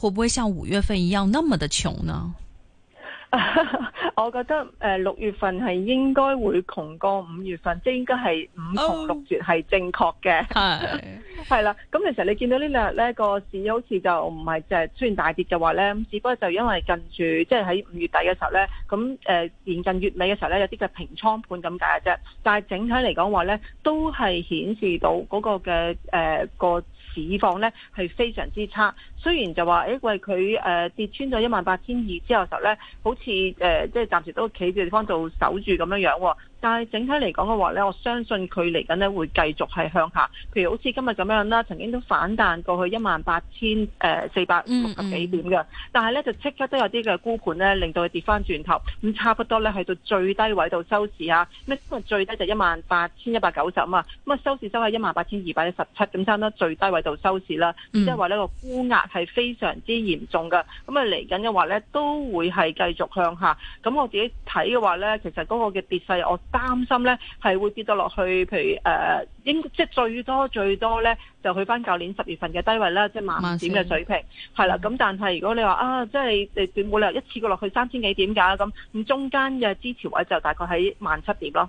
會唔會像五月份一樣那麼的窮呢？ 我覺得誒，六月份係應該會窮過五月份，即應該係五窮六絕係正確嘅。係係啦，咁其實你見到呢兩日咧個市好似就唔係就係出現大跌嘅話咧，只不過就因為近住即係喺五月底嘅時候咧，咁誒年近月尾嘅時候咧有啲就平倉盤咁解嘅啫。但係整體嚟講話咧，都係顯示到嗰個嘅誒個市況咧係非常之差。雖然就話，因、欸、為佢誒、呃、跌穿咗一萬八千二之後時候咧，好似誒、呃，即係暫時都企住地方度守住咁樣樣喎。但係整體嚟講嘅話咧，我相信佢嚟緊咧會繼續係向下。譬如好似今日咁樣啦，曾經都反彈過去一萬八千誒四百五十幾點嘅，但係咧就即刻都有啲嘅沽盤咧，令到佢跌翻轉頭。咁差不多咧去到最低位度收市啊！咩今日最低就一萬八千一百九十啊嘛，咁啊收市收喺一萬八千二百一十七，咁差唔多最低位度收市啦。Mm hmm. 即係話呢個沽壓，.係非常之嚴重噶，咁啊嚟緊嘅話呢，都會係繼續向下。咁我自己睇嘅話呢，其實嗰個嘅跌勢，我擔心呢係會跌到落去，譬如誒應、呃、即係最多最多呢，就去翻舊年十月份嘅低位啦，即慢慢點嘅水平，係啦歲。咁但係如果你話啊，即係你冇理由你一次過落去三千幾點㗎咁，咁中間嘅支持位就大概喺萬七點咯。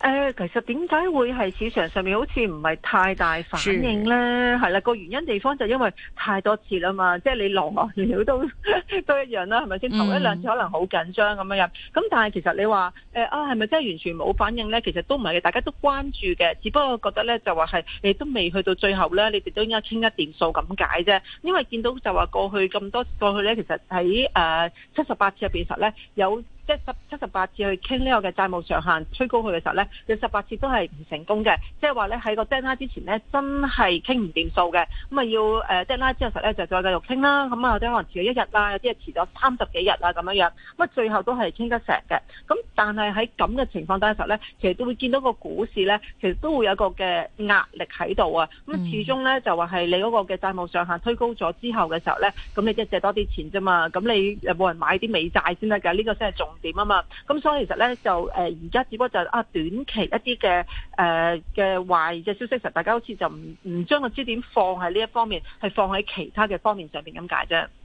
誒、呃，其實點解會係市場上面好似唔係太大反應咧？係啦、嗯，個原因地方就因為太多次啦嘛，即、就、係、是、你狼啊料都呵呵都一樣啦，係咪先？嗯、頭一兩次可能好緊張咁樣，咁但係其實你話，誒、呃、啊係咪真係完全冇反應咧？其實都唔係嘅，大家都關注嘅，只不過我覺得咧就話係，你都未去到最後咧，你哋都應該傾一掂數咁解啫。因為見到就話過去咁多過去咧，其實喺誒七十八次入邊實咧有。即係十七十八次去傾呢個嘅債務上限，推高佢嘅時候咧，有十八次都係唔成功嘅。即係話咧喺個 deadline 之前咧，真係傾唔掂數嘅。咁啊要誒 deadline 之後實咧就再繼續傾啦。咁啊有啲可能遲咗一日啦，有啲係遲咗三十幾日啊咁樣樣。咁啊最後都係傾得成嘅。咁但係喺咁嘅情況底下實咧，其實都會見到個股市咧，其實都會有一個嘅壓力喺度啊。咁始終咧就話係你嗰個嘅債務上限推高咗之後嘅時候咧，咁你即係借多啲錢啫嘛。咁你又冇人買啲美債先得㗎。呢個先係重。點啊嘛？咁、嗯、所以其實咧就誒，而、呃、家只不過就啊短期一啲嘅誒嘅壞嘅消息，其實大家好似就唔唔將個支點放喺呢一方面，係放喺其他嘅方面上面咁解啫。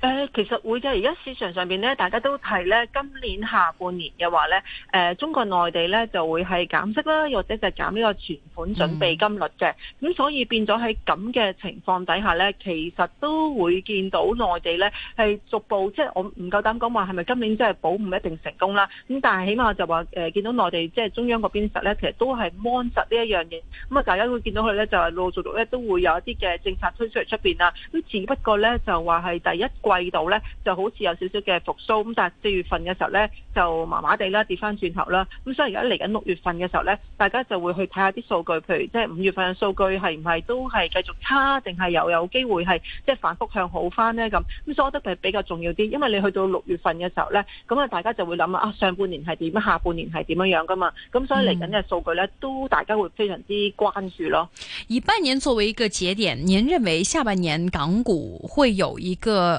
誒、呃，其實會嘅。而家市場上面咧，大家都提咧，今年下半年嘅話咧，誒、呃，中國內地咧就會係減息啦，或者就減呢個存款準備金率嘅。咁、嗯、所以變咗喺咁嘅情況底下咧，其實都會見到內地咧係逐步，即我唔夠膽講話係咪今年即係保唔一定成功啦。咁但係起碼就話誒、呃，見到內地即係中央嗰邊實咧，其實都係望實呢一樣嘢。咁啊，大家會見到佢咧就係陸續陸續咧都會有一啲嘅政策推出嚟出邊啦。咁只不過咧，就話係第一季度咧就好似有少少嘅復蘇，咁但係四月份嘅時候咧就麻麻地啦，跌翻轉頭啦。咁所以而家嚟緊六月份嘅時候咧，大家就會去睇下啲數據，譬如即係五月份嘅數據係唔係都係繼續差，定係又有機會係即係反覆向好翻呢？咁。咁所以我覺得比較重要啲，因為你去到六月份嘅時候咧，咁啊大家就會諗啊，啊上半年係點，下半年係點樣樣噶嘛。咁所以嚟緊嘅數據咧都大家會非常之關注咯。以半年作為一個節點，您認為下半年港股會有一個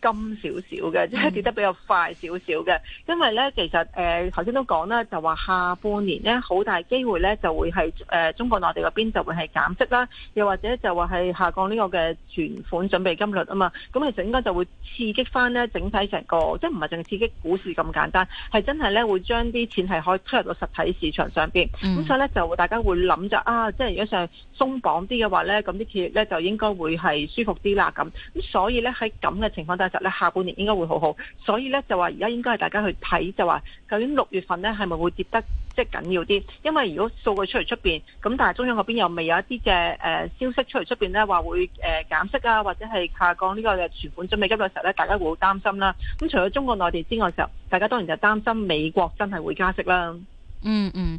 金少少嘅，即、就、係、是、跌得比較快少少嘅，因為咧其實誒頭先都講啦，就話下半年咧好大機會咧就會係誒、呃、中國內地嗰邊就會係減息啦，又或者就話係下降呢個嘅存款準備金率啊嘛，咁其實應該就會刺激翻咧整體成個，即係唔係淨係刺激股市咁簡單，係真係咧會將啲錢係可以推入到實體市場上邊咁、嗯、所以咧就大家會諗就啊，即係如果上鬆綁啲嘅話咧，咁啲企業咧就應該會係舒服啲啦咁，咁所以咧喺咁嘅情況下。就咧下半年應該會好好，所以咧就話而家應該係大家去睇，就話究竟六月份咧係咪會跌得即係緊要啲？因為如果數據出嚟出邊，咁但係中央嗰邊又未有一啲嘅誒消息出嚟出邊咧，話會誒減息啊，或者係下降呢個存款準備金嘅時候咧，大家會好擔心啦。咁除咗中國內地之外嘅時候，大家當然就擔心美國真係會加息啦。嗯嗯。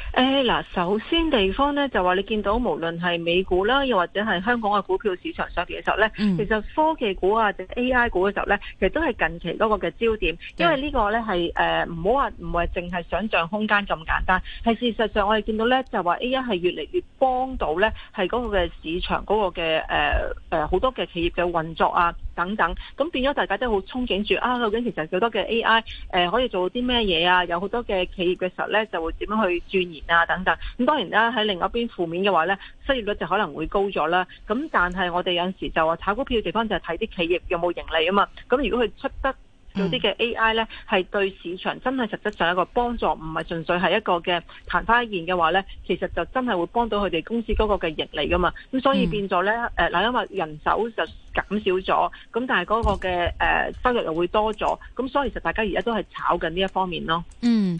誒，嗱，首先地方咧就話你見到無論係美股啦，又或者係香港嘅股票市場上面嘅時候咧，其實、嗯、科技股啊，或者 A.I. 股嘅時候咧，其實都係近期嗰個嘅焦點，因為這個呢個咧係誒唔好話唔係淨係想象空間咁簡單，係事實上我哋見到咧就話 A.I. 係越嚟越幫到咧，係嗰個嘅市場嗰個嘅誒誒好多嘅企業嘅運作啊等等，咁變咗大家都好憧憬住啊，究竟其實好多嘅 A.I. 誒、呃、可以做啲咩嘢啊？有好多嘅企業嘅時候咧就會點樣去轉移？啊，等等咁，當然啦，喺另一邊負面嘅話呢，失業率就可能會高咗啦。咁但係我哋有陣時就話炒股票嘅地方就係睇啲企業有冇盈利啊嘛。咁如果佢出得有啲嘅 AI 呢，係對市場真係實質上一個幫助，唔係純粹係一個嘅曇花一現嘅話呢，其實就真係會幫到佢哋公司嗰個嘅盈利噶嘛。咁所以變咗呢，誒嗱，因為人手就減少咗，咁但係嗰個嘅誒收入又會多咗，咁所以其實大家而家都係炒緊呢一方面咯。嗯。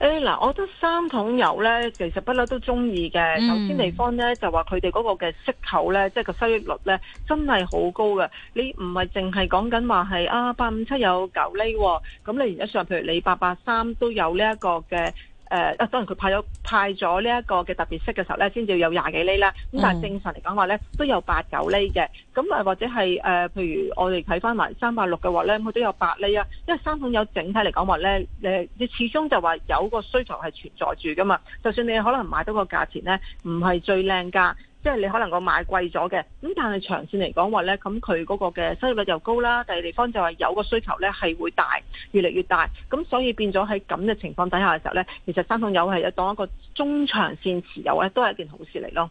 誒嗱、哎，我覺得三桶油咧，其實不嬲都中意嘅。嗯、首先地方咧，就話佢哋嗰個嘅息口咧，即、就、係、是、個收益率咧，真係好高嘅。你唔係淨係講緊話係啊，八五七有九厘、哦，咁你而家上，譬如你八八三都有呢一個嘅。誒，啊、呃、當然佢派咗派咗呢一個嘅特別息嘅時候咧，先至有廿幾厘啦。咁但係正常嚟講話咧，都有八九厘嘅。咁誒或者係誒、呃，譬如我哋睇翻埋三百六嘅話咧，佢都有八厘啊。因為三桶油整體嚟講話咧，誒，你始終就話有個需求係存在住噶嘛。就算你可能買到個價錢咧，唔係最靚價。即係你可能個買貴咗嘅，咁但係長線嚟講話咧，咁佢嗰個嘅收益率又高啦。第二地方就係有個需求咧，係會大，越嚟越大。咁所以變咗喺咁嘅情況底下嘅時候咧，其實三桶油係當一個中長線持有咧，都係一件好事嚟咯。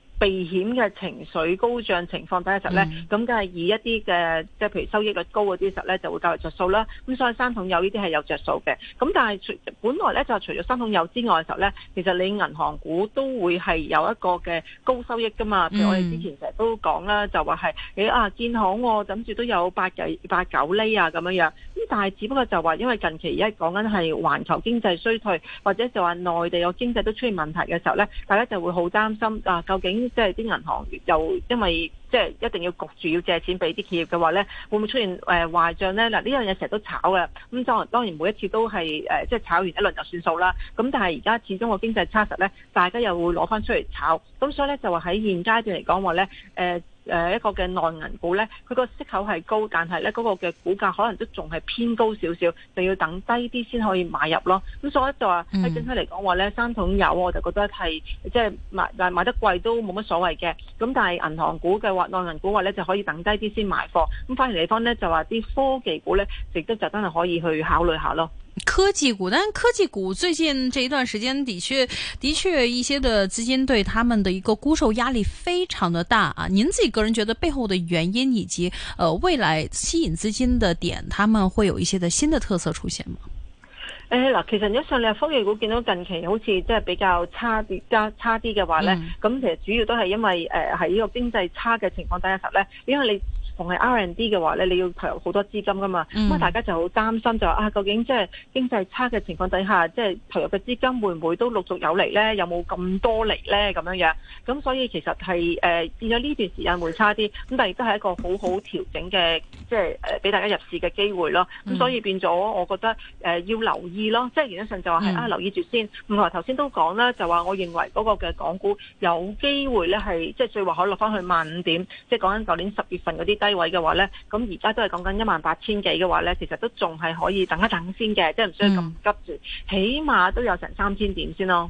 避險嘅情緒高漲情況底下嘅咧，咁梗係以一啲嘅即係譬如收益率高嗰啲實咧就會較為著數啦。咁所以三桶油呢啲係有著數嘅。咁但係除，本來咧就係除咗三桶油之外嘅時候咧，其實你銀行股都會係有一個嘅高收益㗎嘛。譬如我哋之前成日都講啦，嗯、就話係誒啊建行我諗住都有八九八九釐啊咁樣樣。咁但係只不過就話因為近期而家講緊係環球經濟衰退，或者就話內地有經濟都出現問題嘅時候咧，大家就會好擔心啊究竟。即係啲銀行又因為即係一定要焗住要借錢俾啲企業嘅話咧，會唔會出現誒壞賬咧？嗱，呢樣嘢成日都炒嘅，咁當當然每一次都係誒即係炒完一輪就算數啦。咁但係而家始終個經濟差實咧，大家又會攞翻出嚟炒，咁所以咧就話喺現階段嚟講話咧誒。呃誒一個嘅內銀股咧，佢個息口係高，但係咧嗰個嘅股價可能都仲係偏高少少，就要等低啲先可以買入咯。咁所以就話，喺整體嚟講話咧，三桶油我就覺得係即係買但係買得貴都冇乜所謂嘅。咁但係銀行股嘅話，內銀股話咧就可以等低啲先買貨。咁反而地方咧，就話啲科技股咧，值得就真係可以去考慮下咯。科技股，但科技股最近這一段時間的確的確，一些的資金對他們的一個沽售壓力非常的大啊！您自己個人覺得背後的原因，以及呃未來吸引資金的點，他們會有一些的新的特色出現嗎？誒、嗱，其實如果上你科技股見到近期好似即係比較差啲，加差啲嘅話咧，咁其實主要都係因為誒喺呢個經濟差嘅情況底下咧，因為你。同係 R&D 嘅話咧，你要投入好多資金噶嘛？咁、嗯、大家就好擔心就話啊，究竟即係經濟差嘅情況底下，即、就、係、是、投入嘅資金會唔會都陸續有嚟咧？有冇咁多嚟咧？咁樣樣咁，所以其實係誒、呃、變咗呢段時間會差啲，咁但係亦都係一個好好調整嘅，即係俾大家入市嘅機會咯。咁、嗯、所以變咗，我覺得、呃、要留意咯。即係原則上就話係、嗯、啊，留意住先。咁同埋頭先都講啦，就話我認為嗰個嘅港股有機會咧係，即係最話可以落翻去萬五點。即係講緊舊年十月份嗰啲。低位嘅話咧，咁而家都係講緊一萬八千幾嘅話咧，其實都仲係可以等一等先嘅，即係唔需要咁急住，起碼都有成三千點先咯。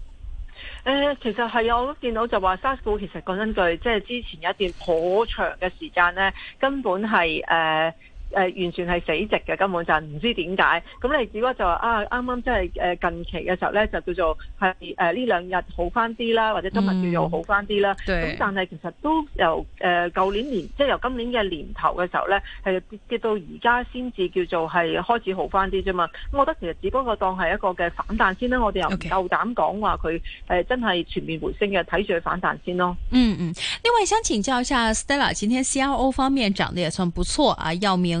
誒、欸，其實係啊，我都見到就話，沙股其實講真句，即、就、係、是、之前一段好長嘅時間呢，根本係誒。呃誒、呃、完全係死直嘅，根本就係，唔知點解咁。你只不過就話啊啱啱，即係近期嘅時候咧，就叫做係誒呢兩日好翻啲啦，或者今日又有好翻啲啦。咁、嗯、但係其實都由誒舊、呃、年年即係由今年嘅年頭嘅時候咧，係跌到而家先至叫做係開始好翻啲啫嘛。咁我覺得其實只不過當係一個嘅反彈先啦、啊，我哋又唔夠膽講話佢真係全面回升嘅，睇住佢反彈先咯。嗯嗯，另外想請教一下 Stella，今天 CRO 方面漲得也算不錯啊，要明。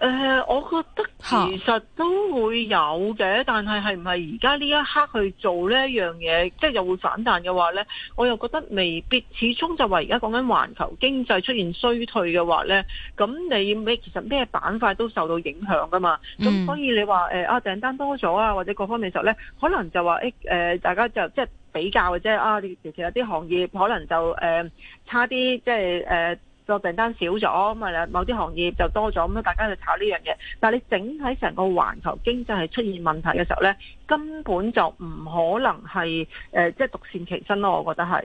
誒、呃，我覺得其實都會有嘅，但係係唔係而家呢一刻去做呢一樣嘢，即係又會反彈嘅話呢，我又覺得未必。始終就話而家講緊環球經濟出現衰退嘅話呢，咁你咩其實咩板塊都受到影響噶嘛。咁、嗯、所以你話、呃、啊訂單多咗啊，或者各方面時候呢，可能就話、呃、大家就即係比較嘅啫。啊，其實有啲行業可能就誒、呃、差啲，即係誒。呃個訂單少咗，咁啊某啲行業就多咗，咁樣大家就炒呢樣嘢。但係你整體成個環球經濟係出現問題嘅時候呢，根本就唔可能係誒即係獨善其身咯，我覺得係。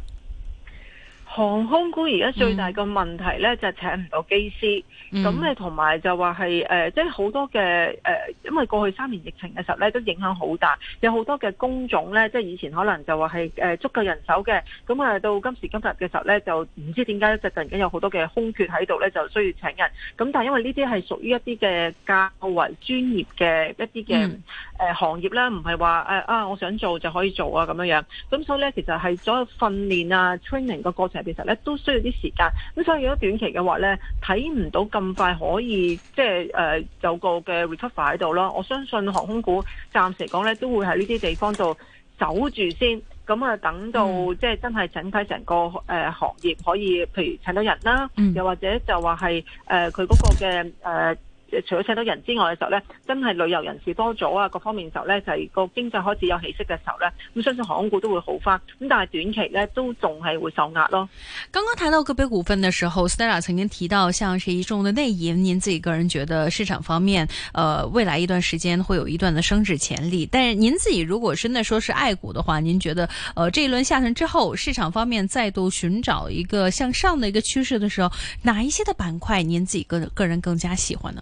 航空股而家最大嘅問題咧，嗯、就係請唔到機師，咁你同埋就話係誒，即係好多嘅誒、呃，因為過去三年疫情嘅時候咧，都影響好大，有好多嘅工種咧，即係以前可能就話係誒足夠人手嘅，咁啊到今時今日嘅時候咧，就唔知點解就突然間有好多嘅空缺喺度咧，就需要請人。咁但係因為呢啲係屬於一啲嘅較為專業嘅一啲嘅、嗯呃、行業啦，唔係話啊，啊我想做就可以做啊咁樣樣，咁所以咧，其實係所有訓練啊 training 個、啊、過程。其實咧都需要啲時間，咁所以如果短期嘅話咧，睇唔到咁快可以即係誒、呃、有個嘅 recover 喺度咯。我相信航空股暫時嚟講咧，都會喺呢啲地方度守住先，咁啊等到、嗯、即係真係整體成個誒、呃、行業可以，譬如請到人啦，嗯、又或者就話係誒佢嗰個嘅誒。呃除咗請到人之外嘅時候呢，真係旅遊人士多咗啊，各方面嘅時候呢，就係個經濟開始有起色嘅時候呢，咁相信航空股都會好翻。咁但係短期呢，都仲係會受壓咯。剛剛談到個別股份嘅時候，Stella 曾經提到，像是一眾嘅內銀，您自己個人覺得市場方面，呃未來一段時間會有一段嘅升值潛力。但係您自己如果真的說是愛股的話，您覺得，呃這一輪下沉之後，市場方面再度尋找一個向上的一個趨勢的時候，哪一些的板塊您自己個個人更加喜歡呢？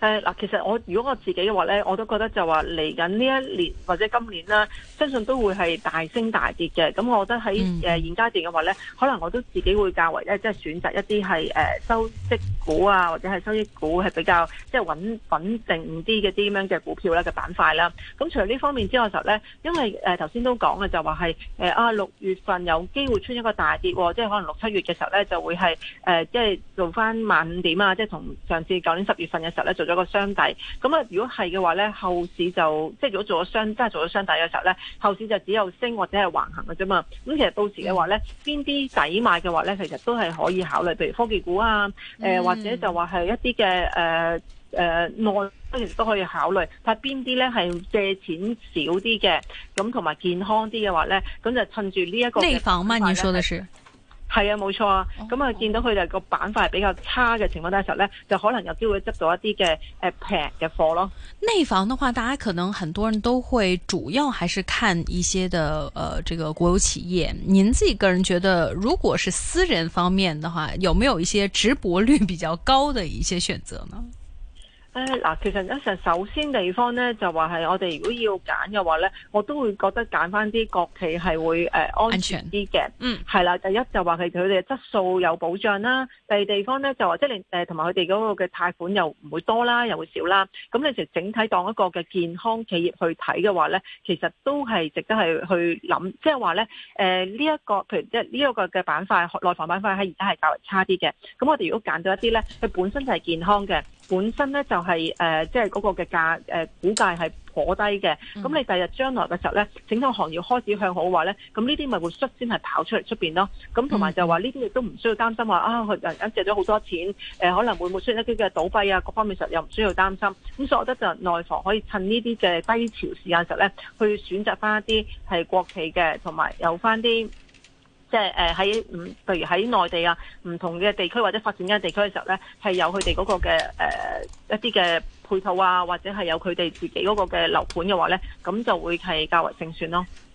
誒嗱，其實我如果我自己嘅話咧，我都覺得就話嚟緊呢一年或者今年啦，相信都會係大升大跌嘅。咁我覺得喺誒現階段嘅話咧，可能我都自己會較為咧，即係選擇一啲係誒收息股啊，或者係收益股係比較即係穩穩定啲嘅啲咁樣嘅股票咧嘅板塊啦。咁除咗呢方面之外嘅時候咧，因為誒頭先都講嘅就話係誒啊六月份有機會出一個大跌，啊，即係可能六七月嘅時候咧就會係誒即係做翻萬五點啊，即係同上次舊年十月份嘅時候咧做咗。個箱底，咁啊，如果係嘅話咧，後市就即係如果做咗箱，即係做咗箱底嘅時候咧，後市就只有升或者係橫行嘅啫嘛。咁其實到時嘅話咧，邊啲抵買嘅話咧，其實都係可以考慮，譬如科技股啊，誒、呃嗯、或者就話係一啲嘅誒誒內，其實都可以考慮。睇邊啲咧係借錢少啲嘅，咁同埋健康啲嘅話咧，咁就趁住呢一個嘅板塊咧。係啊，冇錯啊，咁啊見到佢哋個板塊比較差嘅情況底下，呢就可能有機會執到一啲嘅誒平嘅貨咯。內房的話，大家可能很多人都會主要還是看一些的呃這個國有企業。您自己個人覺得，如果是私人方面的話，有沒有一些值博率比較高的一些選擇呢？嗱，其實一首先地方咧，就話係我哋如果要揀嘅話咧，我都會覺得揀翻啲國企係會、呃、安全啲嘅。嗯，係啦，第一就話係佢哋嘅質素有保障啦，第二地方咧就話即係你誒同埋佢哋嗰個嘅貸款又唔會多啦，又會少啦。咁你其實整體當一個嘅健康企業去睇嘅話咧，其實都係值得係去諗，即係話咧誒呢一、呃這個譬如即係呢一個嘅板塊內房板塊喺而家係較為差啲嘅。咁我哋如果揀到一啲咧，佢本身就係健康嘅。本身咧就係、是、誒，即係嗰個嘅價誒估價係頗低嘅。咁、嗯、你第日將來嘅時候咧，整個行業開始向好嘅話咧，咁呢啲咪會率先係跑出嚟出面咯。咁同埋就話呢啲亦都唔需要擔心話啊，佢人家借咗好多錢、呃、可能會唔會出現一啲嘅倒閉啊，各方面實又唔需要擔心。咁所以我覺得就內房可以趁呢啲嘅低潮時間時時候咧，去選擇翻一啲係國企嘅，同埋有翻啲，即係誒喺唔，譬如喺內地啊，唔同嘅地區或者發展緊嘅地區嘅時候呢，係有佢哋嗰個嘅誒、呃、一啲嘅配套啊，或者係有佢哋自己嗰個嘅樓盤嘅話呢，咁就會係較為勝算咯。